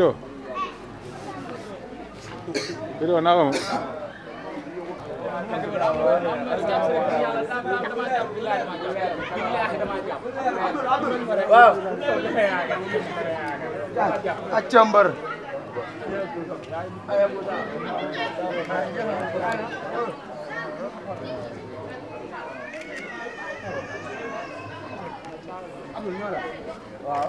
Vito. Vito, na vamos. waaw. ak càmbar. waaw.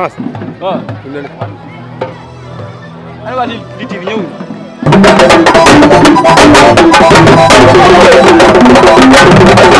France. waaw ñu ne la. waa Lutte TV ñëw. Thank you.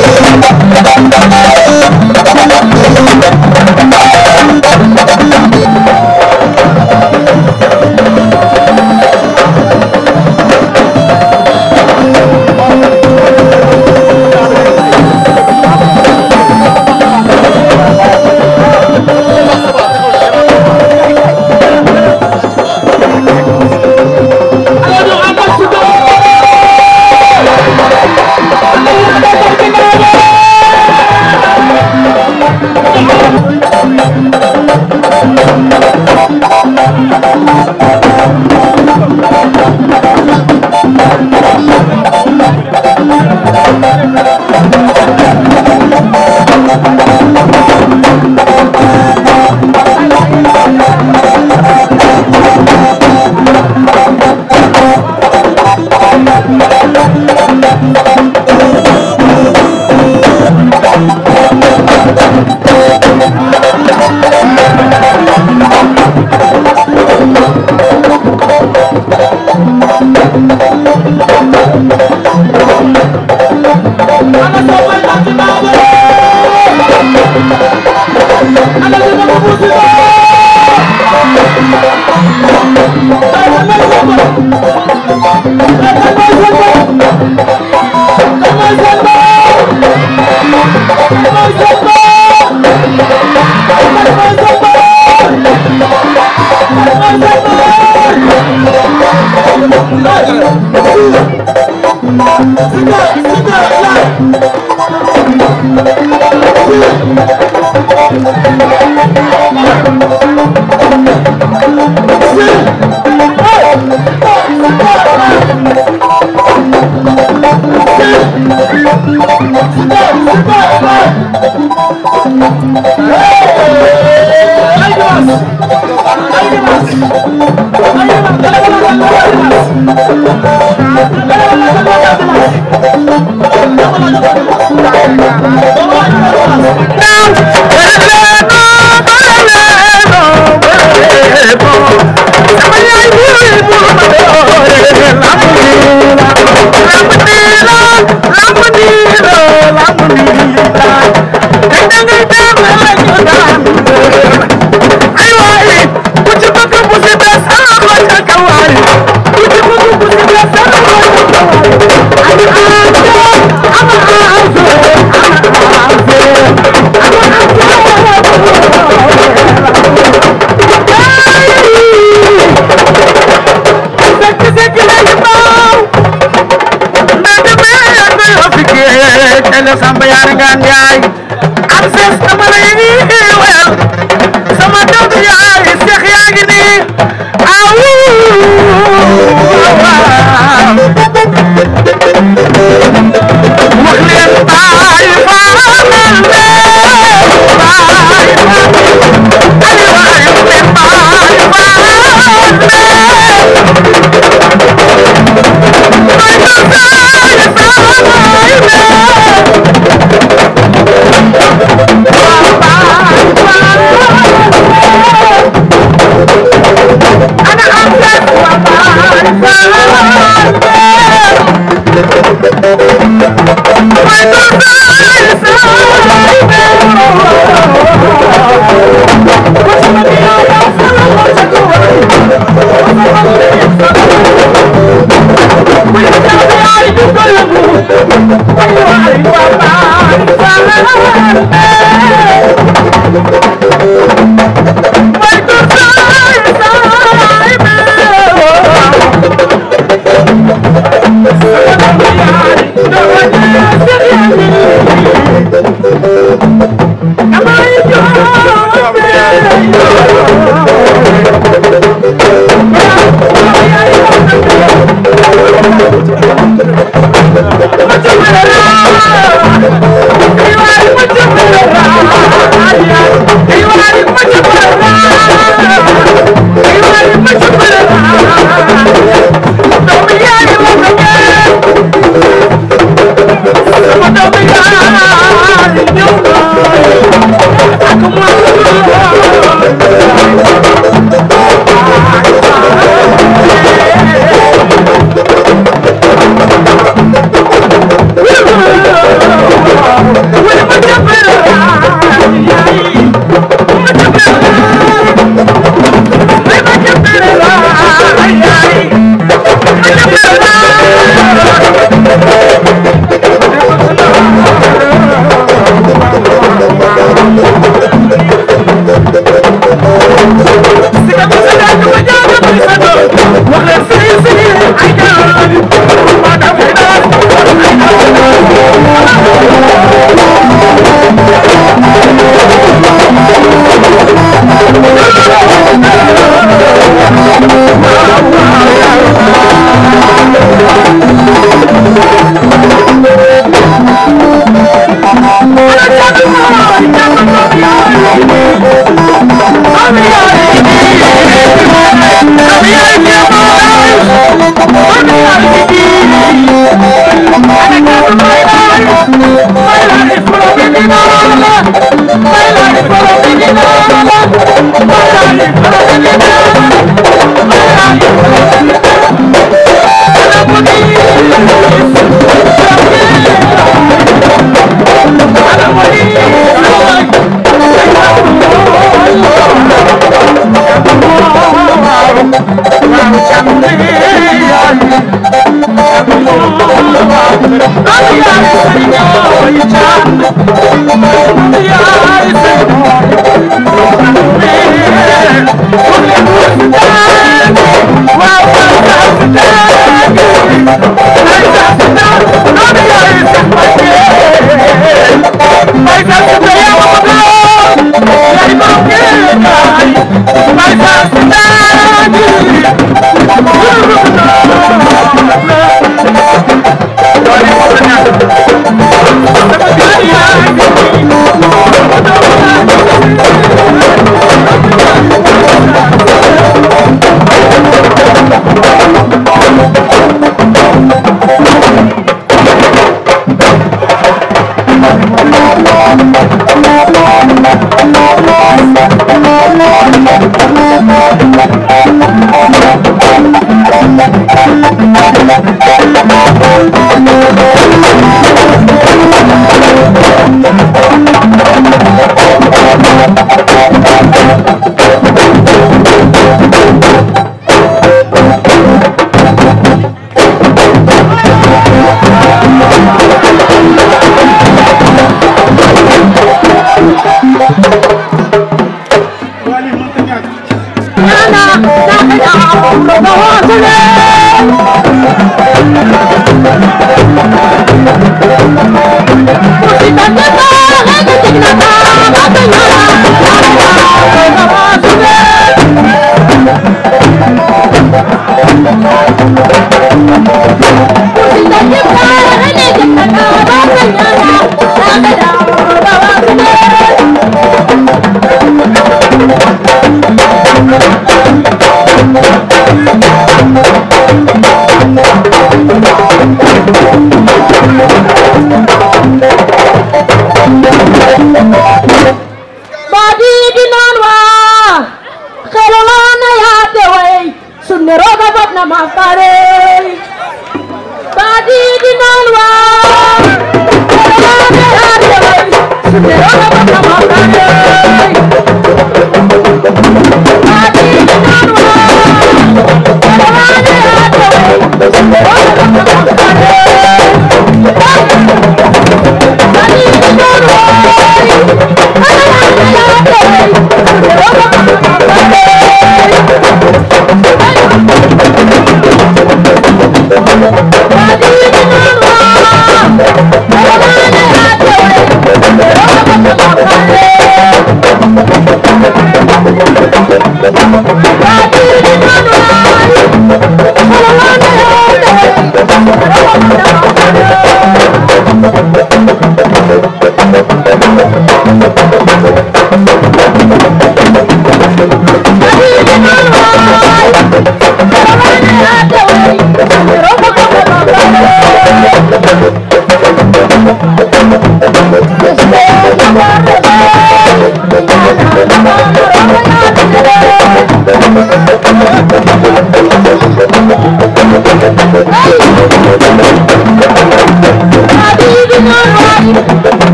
Thank you.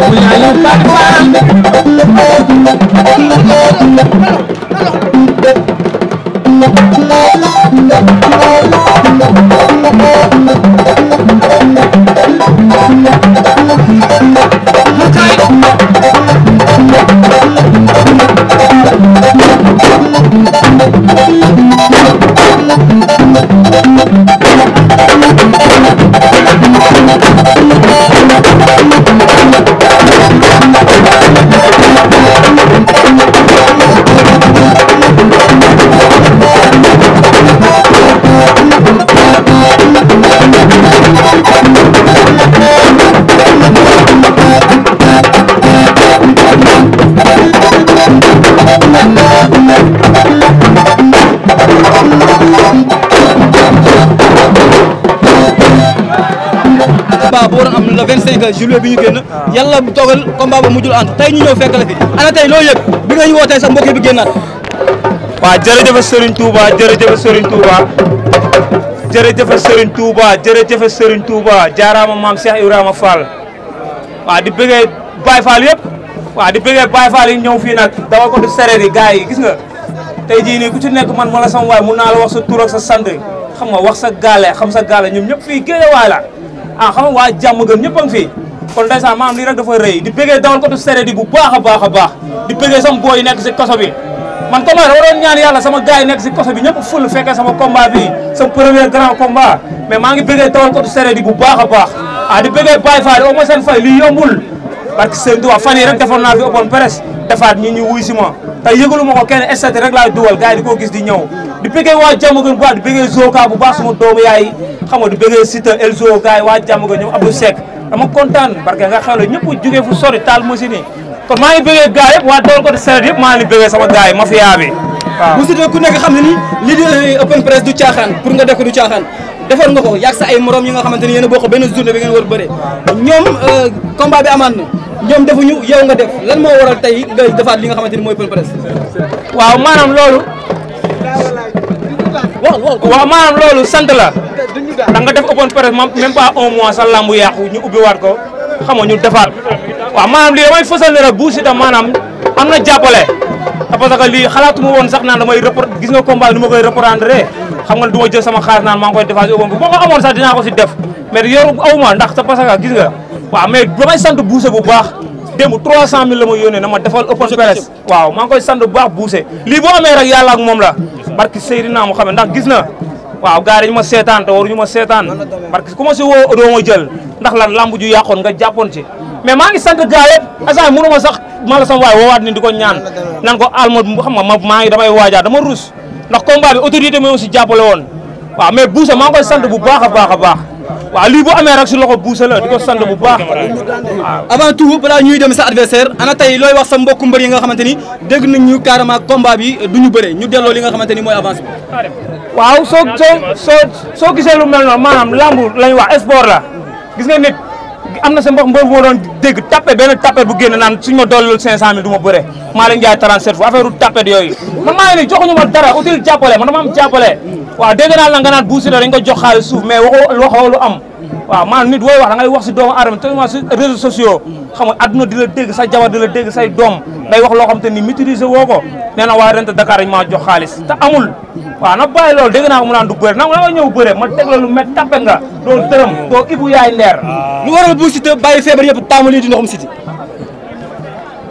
Boobu laa la que bi ñu génn ah. yàlla toogal combat ba mujjul ànd tey ñu ñëw fekk la fi ana tey loo yëg bi nga ñu woo tey sax mbokk yi bi génnaat waaw jërëjëf Serigne Touba jërëjëf Serigne Touba jërëjëf Serigne Touba jërëjëf Serigne Touba jaaraama maam Cheikh Ibrahima Fall waaw di bëggee Baye Fall yëpp waaw di bëggee Baye Fall yi ñëw fii nag dawal ko du sereer yi gars yi gis nga tey jii nii ku ci nekk man ma la sama waay mun naa la wax sa tur ak sa sant xam wax sa gaale xam sa gaale ñoom ñëpp fii géejawaay la a ah, xam nga waa jàmm gën ñëpp a ngi fi kon ndeysaan maam lii rek dafa rëy di bëggee dawal ko tu sere di bu baax a baax a baax di bëggee sama booy nekk si koso man comme da waroon ñaan yàlla sama gars yi nekk si koso ñëpp ful fekkee sama combat bi sama grand combat mais maa ngi bëggee dawal ko tu sere di bu baax a baax ah di bëggee Baye Fall au moins seen fay lii yombul parce que Serigne fan yi rek defoon naa fi open presse defaat ñi ñu wuy si ma te yëgalu ma ko kenn statut rek laay dugal di ko gis di ñëw di bëggee waa Diamaguène bu baax di bëggee Zoka bu baax suma doomu yaay xam di bëggee Sita Elzo gars yi waa Diamaguène ñoom Abdou Seck dama kontaan parce que nga xewle ñëpp jógee fu sori taal machine yi kon maa ngi bëggee gars yëpp waa dool ko di saret yëpp maa ngi bëggee sama gars yi mafia bi waaw Moussa ku nekk xam ni lii di open press du caaxaan pour nga def ko du caaxaan defar nga ko yàgg sa ay morom yi nga xamante ni yéen a ñoom ñu yow nga def lan moo waral tey nga defaat li nga xamante ni mooy open press. waaw maanaam loolu. waaw maanaam loolu sant la. da nga def open press même pas un mois sa lambu yàqu ñu waat ko xam nga ñu defaat waaw maanaam lii damay fësal ne rek Bou Siteu maanaam am na jàppale. parce que lii xalaatuma woon sax naan damay repor gis nga combat nu ma koy reprendre xam nga du ma jël sama xaalis naan maa ngi koy defaat si open sax dinaa ko si def mais yoru aw ma ndax parce que gis nga. waaw mais damay sant buuse bu baax démb 300000 la ma yónnee na ma defal open press waaw maa ngi sant bu baax buuse lii amee rek yàlla ak moom la barki Seydina mu xamee ndax gis na waaw gars yi ma seetaan te waruñu ma seetaan barki ku si woo doo jël ndax lan lamb ju yàqoon nga jàppoon ci mais maa ngi sant gars yëpp asan mënu ma sax maa la sama waay woowaat ni di ko ñaan nan ko alma maa ngi damay waajaa dama rus ndax combat bi autorité moom jàppale woon waaw mais buuse maa ngi koy bu baax a baax a baax waaw lii bu amee rek si loxo buusa la di ko bu baax avant tout balaa ñuy dem sa adversaire na tey looy wax sa mbokku mbër yi nga xamante ni dégg nañ ñu carrément combat bi du ñu bëre ñu delloo li nga xamante ni mooy avance waaw soo soo soo soo gisee lu mel noonu maanaam lambu lañu wax sport la gis nga nit am na sa mbokk mbër bu ma doon dégg tapé benn tapé bu génn naan suñ ma dooleel 500000 du ma bëre maa leen jaay fu affaire tapé yooyu man maa ngi nii joxuñu ma dara utile jàppale man dama am jàppale waaw dégg naa la nga naan buusi dañ ko jox xaalis suuf mais waxoo lu am waaw maanaam nit wooy wax da ngay wax si doomu aadama te ma si réseaux sociaux mm. xam adduna di la dégg sa jabar di la dégg say doom ngay wax loo xam te ni maîtriser woo ko nee na waa rente Dakar ñu maa jox xaalis te amul waa na bàyyi loolu dégg naa ko mu naan du bëre na nga ñëw bëre ma teg la lu met tappe nga doo dërëm doo ibu yaay ndeer lu ah. waral bu Siteu bàyyi feebar yëpp taamu lii di ndoxum Siteu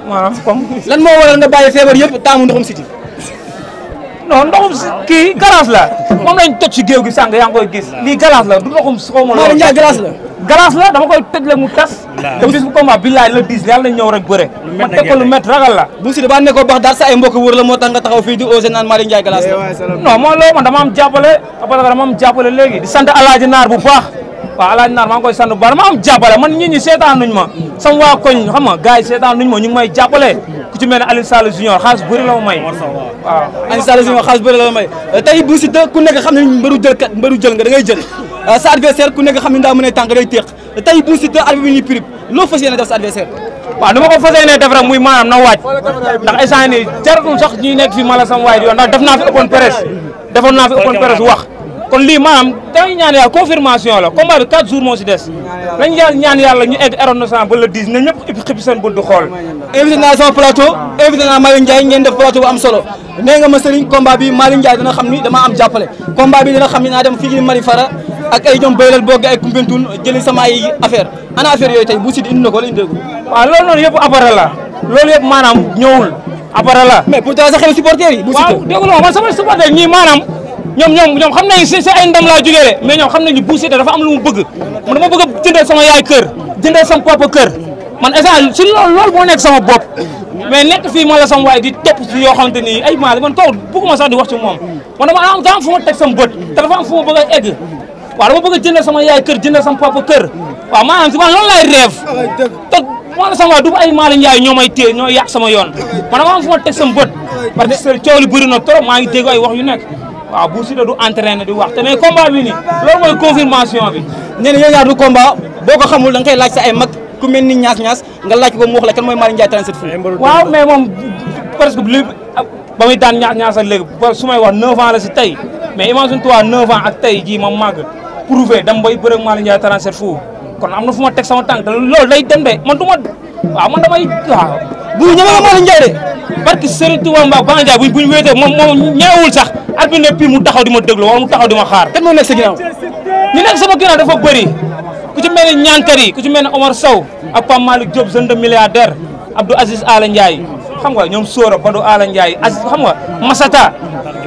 maanaam comme lan moo waral nga non ndoxum si kii glace la moom lañ toj si géew gi sànq yaa ngi gis lii glace la du ndoxum xaw ma loolu Ndiaye glace la glace la dama koy tëj mu tas te bis bu combat billaay la diis teg ko lu mett ragal la bu si daba ne ko baax daal sa ay mbokk wër la moo tax nga taxaw fii di osé naan Malick Ndiaye glace la non moo loolu man dama am jàppale parce que dama am jàppale léegi di sant alaaji naar bu baax waaw alaaj naar maa ngi koy sant bu baax dama man nit ñi seetaan nuñ ma sama waa koñ xam nga gars yi seetaan nuñ ma ñu ngi may jàppale ku ci mel ne Alioune Sall Junior xaalis bëri la ma may waaw Alioune Sall Junior xaalis bëri la ma may euh, tey bu si ku nekk xam ne mbaru jël kat nga da ngay jël euh, sa adversaire ku nekk xam ne daa mën a tànk day téeq tey bu si arbitre bi ñuy prib loo fas yéene def sa adversaire waaw nu na waaj ndax instant naa fi open presse defoon naa fi open presse wax kon lii maanaam dañuy ñaan yàlla la combat bi 4 jours moo si des nañu yàlla ñaan yàlla ñu egg aron nasan ba le 10 na ñëpp xippi seen buntu xool naa sama plateau invité naa Malick Ndiaye ngeen plateau am solo nee nga ma sëriñ combat bi xam ni dama am jàppale combat bi xam ni naa dem fii ci Fara ay ñoom baylal boogi ay Koumpentoum jëli sama ay affaire ana affaire yooyu tey bu sid indi ko wala indi ko waaw loolu noonu yëpp appareil loolu yëpp maanaam ñëwul appareil la mais pourtant sa xel supporter ñoom ñoom ñoom xam nañu si si ay ndam laa jógee mais ñoom xam nañu Bou Siteu dafa am lu mu bëgg man dama a jëndal sama yaay kër jëndal sama papa kër man instant si loolu loolu boo nekk sama bopp mais nekk fii ma la sama waay di topp si yoo xamante ni ay maal man kaw bëgguma sax di wax ci moom man dama am ah, daa am fu ma teg sama bët te dafa am fu ma bëgg a egg waaw dama bëgg a jëndal sama yaay kër jëndal sama papa kër waaw maanaam si man loolu laay rêve te moo la sama waay du ay maal njaay ñoo may sama yoon man dama am fu ma teg sama bët parce que coow ngi dégg ay wax yu nekk waaw Bou Siteu du entraîné di wax te mais combat loolu mooy confirmation bi. nee na yéen boo ko xamul da nga laaj sa ay mag ku ni ñaas ñaas nga laaj ko mu la kan mooy Malick Ndiaye 37 fu. waaw mais moom presque lépp ba muy daan ñaas ñaas ak léegi su may wax 9 la si tey mais imagine toi 9 ans ak tey jii ma màgg prouvé dam bay bëre ak Malick Ndiaye fu kon am na fu ma teg sama tànk loolu day dem de man du ma waaw man damay arbitre ne pii mu taxaw di ma déglu wala mu taxaw di ma xaar. kenn moo nekk sa ginnaaw ñu nekk sama ginnaaw dafa bëri ku yi ku ci mel ni Omar Sow ak Pape Malick Diop jeune de milliardaire Abdou Aziz Ala Ndiaye xam nga ñoom Sora Badou Ala Ndiaye Aziz xam nga Masata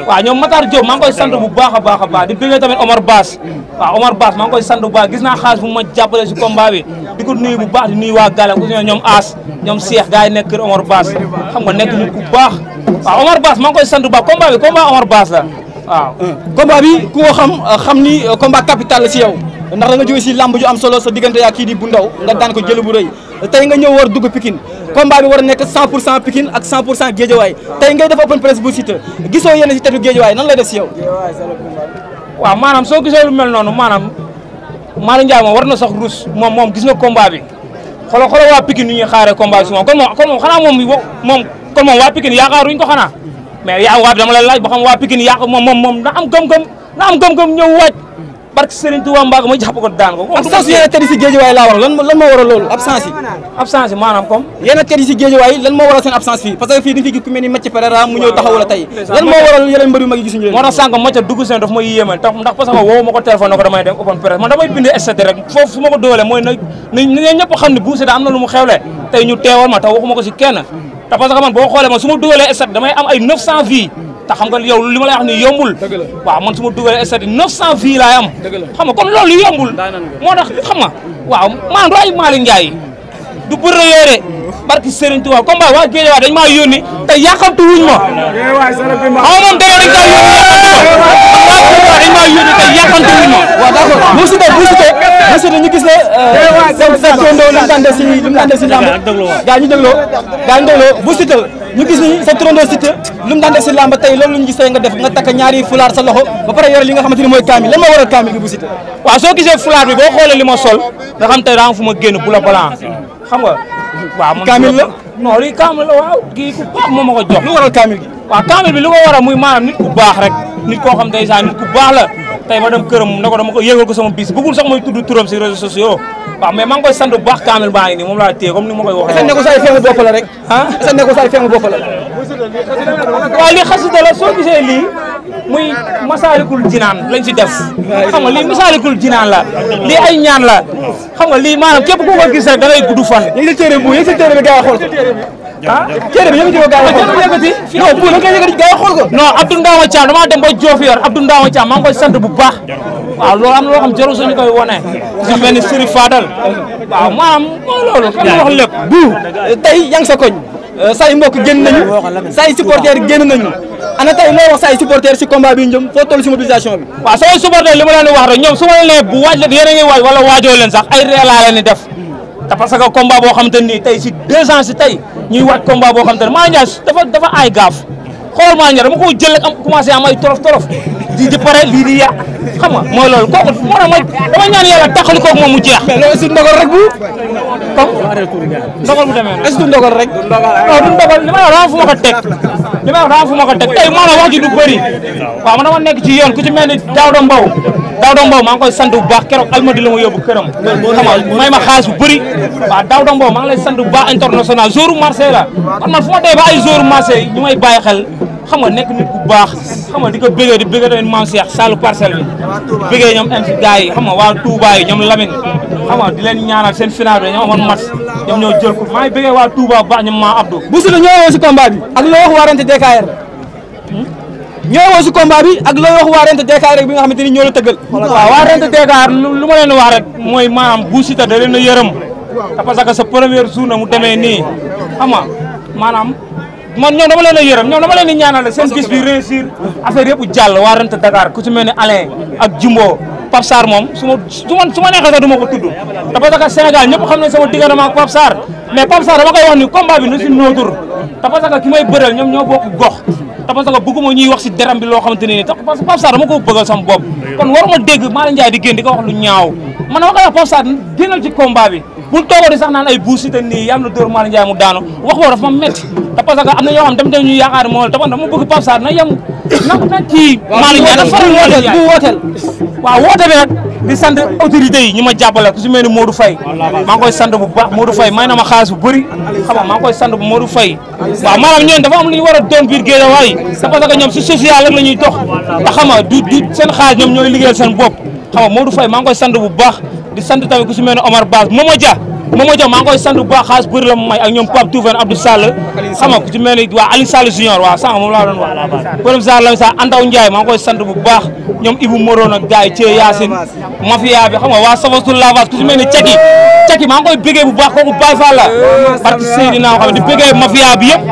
waaw ñoom Matar Diop maa ngi koy sant bu baax a baax a baax di bëggee tamit Omar Baas waaw maa koy sant bu baax gis naa xaalis bu ma jàppale si combat di ko nuyu bu baax di nuyu waa Gala ku ci ñoom As ñoom Cheikh gars yi nekk kër Omar Baas xam nga nekk nit ku baax waaw ah, Omar Baas maa ngi koy sant bu baax combat bi combat Omar Baas la waaw. Hmm. combat bi ku ko xam ah, xam ni euh, combat capital la si yow ndax da nga jógee si lamb ju am solo sa diggante yaa kii di bu ndaw nga daan ko jël bu rëy tey nga ñëw war dugg Pikine combat bi war a nekk 100 pour cent Pikine ak 100 pour cent Géejawaay tey ngay def open press bu Siteu gisoo yenn si tetu Géejawaay nan lay def si yow. waaw maanaam soo gisee lu mel noonu maanaam Malick Ndiaye moom war na sax ruus moom moom gis na combat bi xoolal xoolal waa Pikine nu ñuy xaaree combat bi si moom kon moom kon moom xanaa moom moom. kon moom waa Pikine yaakaaruñ ko xanaa mais yaa waa dama na am gëm-gëm na am gëm-gëm ñëw waaj barke Serigne Touba Mbacké ma jàpp ko daan ko. absence yéen a tëddi si géejewaay laa waral lan moo waral seen absence fii parce que fii fi gis ku ni Mathieu Pereira mu ñëw taxaw la tey lan moo waral yeneen mbër yu mag yi gisuñu moo tax sànq Mathieu dugg seen daf may yéemal tax ndax parce que woowu ma ko téléphone ko damay dem open press man damay bind SDT rek foofu te parce que man boo xoolee man su ma dugalee stade damay am ay 900 vies te xam nga yow li ma lay wax ni yombul waaw man su ma dugalee stade 900 vies laay am xam nga kon loolu yombul moo tax xam nga waaw maanaam du ay Malick Ndiaye du pour réeré barki Serigne Touba combat waa Guédiawaye dañ maa yónni te yàqamtu wuñ ma xaw moom dara dañ kaa yónni yàqamtu wuñ ma bu sito bu sito bu sito ñu gis la euh, eh, sa turandoo li mu daan def si li mu gis ni sa turandoo sito lu mu daan def si làmb tey loolu ñu gis tey nga def nga takk ñaari fulaar sa loxo ba pare yore li nga xamante ni mooy kaamil lan moo waral kaamil bu sito waaw soo gisee fulaar bi boo xoolee li ma sol nga xam tey daa fu ma génn bu la xam nga. waaw man kaamil la. non lii kaamil la waaw kaamil bi li ko waral muy maanaam nit ku baax rek nit koo xam ndeysaan nit ku baax la tey ma dem këram ne ko dama ko yëgal ko sama bis bëggul sax mooy tudd turam si réseaux sociaux. waaw mais maa ngi baax kaamil baa ngi nii laa téye ni ma koy waxee. ne ko say feemu bopp la rek. ah li xasida la soo gisee lii muy masaalikul jinaan lañ si def xam nga lii masaalikul jinaan la lii ay ñaan la xam nga lii maanaam képp ku ko gis rek da ngay gudd fan ñu ngi la téere bu yëg si téere bi gaa yi xool ah téere bi yëkkati ko gaa yi xool ko yëkkati non bu damaa dem ba Diofior Abdou Ndama Thiam maa ngi sant bu baax waaw loolu am na loo xam jarul suñu koy wone si benn sëri Fadal waaw maanaam mooy loolu kan wax lépp bu tey yaa sa koñ Euh, say mbokk génn sa say supporters génn nañu ana tey loo wax say supporters si combat bi ñu foo toll si mobilisation bi. waaw samay supporters li a ngi waaj wala waajoo leen sax ay reelaa leen def te parce que boo xam te ni tey si deux ans si tey ñuy waaj combat boo xam te ne maa njaay dafa dafa ay gaaf xool maa njaay dama jël rek am commencé am ay torof torof. lii di pare lii di yàq xam nga mooy loolu kooku moo tax mooy dama ñaan yàlla taxali kooku moom mu jeex. mais loolu est-ce que ndogal rek bu. comme ndogal bu demee est-ce que ndogal rek. non du ndogal li ma la wax fu ma ko teg li ma la wax fu ma ko teg tey maanaam wax ji du bëri waaw man dama nekk ci yoon ku ci mel ni Daouda Mbow. Daouda Mbow maa ngi koy sant bu baax keroog almadi la ma yóbbu këram xam nga may ma xaalis bu bëri waaw Daouda Mbow maa lay sant bu international jour marché la fu ma dee ba ay jour marché ñu may bàyyi xel xam nga nekk nit ku baax xam nga di ko bëggee di bëggee tamit maam Cheikh Sall parcelle bi bëggee ñoom MC gars waa Touba ñoom Lamine xam nga di leen ñaanal seen final bi dañoo amoon match ñoom ñoo jël ko maa ngi bëggee waa Touba bu baax ñoom maa Abdou bu sunu ñoo woo bi ak loo wax waa rente DKR ñoo woo si bi ak loo wax waa rente rek bi nga xamante ni ñoo la tëggal waaw waa rente DKR lu ma leen wax rek mooy maanaam bu Siteu da leen a yërëm parce que sa premier na mu demee nii xam nga man ñoom dama leen a yërëm ñoom dama leen di ñaanal seen bis bi réussir affaire yëpp jàll waa Rent Dakar ku ci mel ni Alain ak moom su ma su ma su ma neexee sax du ma ko tudd te parce que Sénégal ñëpp xam nañ sama diggante ak Pape Sarr mais wax ni combat bi na si nootur te parce ki may bëreel ñoom ñoo bokk gox te parce que bëgguma ñuy wax si deram bi loo xamante ne nii te parce que Pape Sarr dama ko bëggal kon waruma dégg Malick Ndiaye di génn bi bul toogoo di sax naan ay bu Siteu nii yàlla na dóor Malick Ndiaye mu daanu wax woo dafa ma métti te am na ñoo xam dem dem ñu yaakaar moo te man dama bëgg Pape Sarr na yem nag kii Malick Ndiaye dafa faral woote bu wooteel waaw woote bi di sant autorité yi ñu ma jàppale ku si mel ni Modou Faye maa ngi bu baax Modou Faye may na ma xaalis bu bëri xam nga maa ngi koy sant bu Modou ñu war a doon biir Guédiawaye te parce que ñoom si social rek la ñuy dox te xam nga du du seen xaalis ñoom ñooy liggéeyal seen bopp xam nga Modou Faye baax di sant tamit ku si mel ne Omar Baas Momo Dia Momo Dia maa ngi koy sant bu baax xaalis bëri la mu may ak ñoom Pape Touven Abdou Sall xam ku si mel ni waa Aliou Sall Junior waaw sànq moom laa doon Ndiaye maa koy sant bu baax ñoom Ibou Moroon ak gars yi Thie Yacine bi xam nga waa Savastoul Lavas ku si mel ni Ceki Ceki maa ngi koy bëggee bu baax kooku Baye Fall la parce que Seydina xam ne di bëggee mafia bi yëpp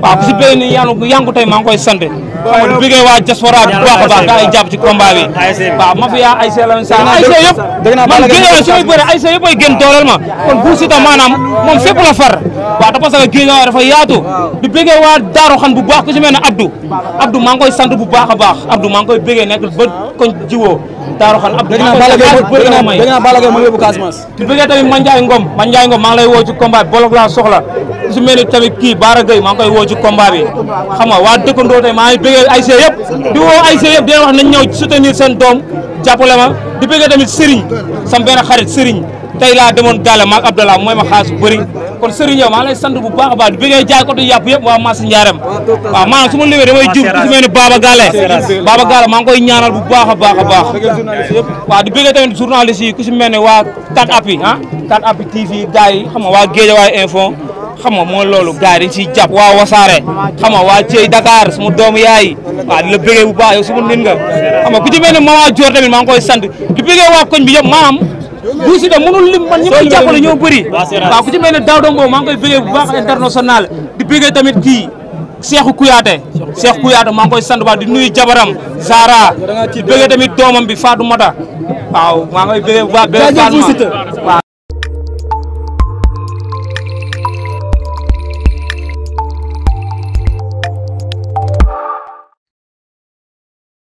waaw ku si bëggee yangu yangu tey maa ngi koy sant xam nga bëggee waa diaspora bu baax a baax daal di jàpp ci combat bi waaw mafia ay ay see yëpp man géejawaay su may bëre ay see yëpp ay gën dooleel ma kon bu si tam maanaam moom fépp la far waaw te parce que géejawaay yaatu di bëggee waa daaru xan bu baax ku ci mel ne Abdou Abdou maa ngi koy sant bu baax a baax Abdou maa ngi koy bëggee nekk ba koñ jiwoo daaru xan ab dégg naa Balla Gaye moo yóbbu Casamance bu bëggee tamit Mandiaye Ngom Mandiaye Ngom maa ngi lay woo ci combat bi bolog laa soxla su mel ni tamit kii Bara Gueye maa ngi koy woo ci combat waa dëkkandoo tey maa ngi ay see yëpp di woo ay see yëpp dina wax nañ ñëw soutenir seen doom jàppale ma di bëggee tamit Serigne sam xarit Serigne tey laa demoon gaale maak Abdallah mooy ma xaas bu bëri kon Serigne maa lay sant bu baax a baax di bëggee jaay ko di yàpp waa Mass Ndiarème waaw maanaam su ma limee damay jub su mel ni Baba Galle Baba Galle maa ngi koy ñaanal bu baax a baax a baax waaw di bëggee tamit journaliste yi ku si mel ne waa 4appuis ah 4appuis TV gars yi xam nga waa Guédiawaye Info xam nga mooy loolu gars yi dañ siy waa wasaare xam waa Thiey Dakar suma doomu yaay waaw di la bëggee bu baax yow suma nit nga ku ci maa ngi koy sant di bëggee Bou Siteu mënul lim man ñi may jàppale ñoo bëri waaw ku ci mel ne Daouda maa ngi koy bëggee bu baax international di bëggee tamit kii Cheikhou Kouyaté Cheikh Kouyaté maa ngi koy sant baax di nuyu jabaram Zara di bëggee tamit doomam bi Fatou Mata waaw maa ngi koy bëggee bu baax bëggee Fatou